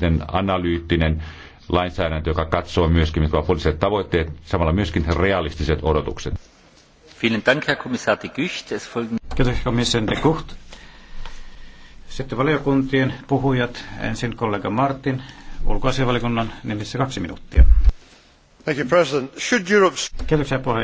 poliittinen analyyttinen lainsäädäntö, joka katsoo myöskin, mitkä ovat poliittiset tavoitteet, samalla myöskin realistiset odotukset. Vielen Dank, Herr Kommissar de Gucht. Es folgen... Kiitos, komission de Gucht. Sitten valiokuntien puhujat. Ensin kollega Martin, ulkoasiavalikunnan nimissä kaksi minuuttia. Thank you, President. Should Europe... Kiitoksia,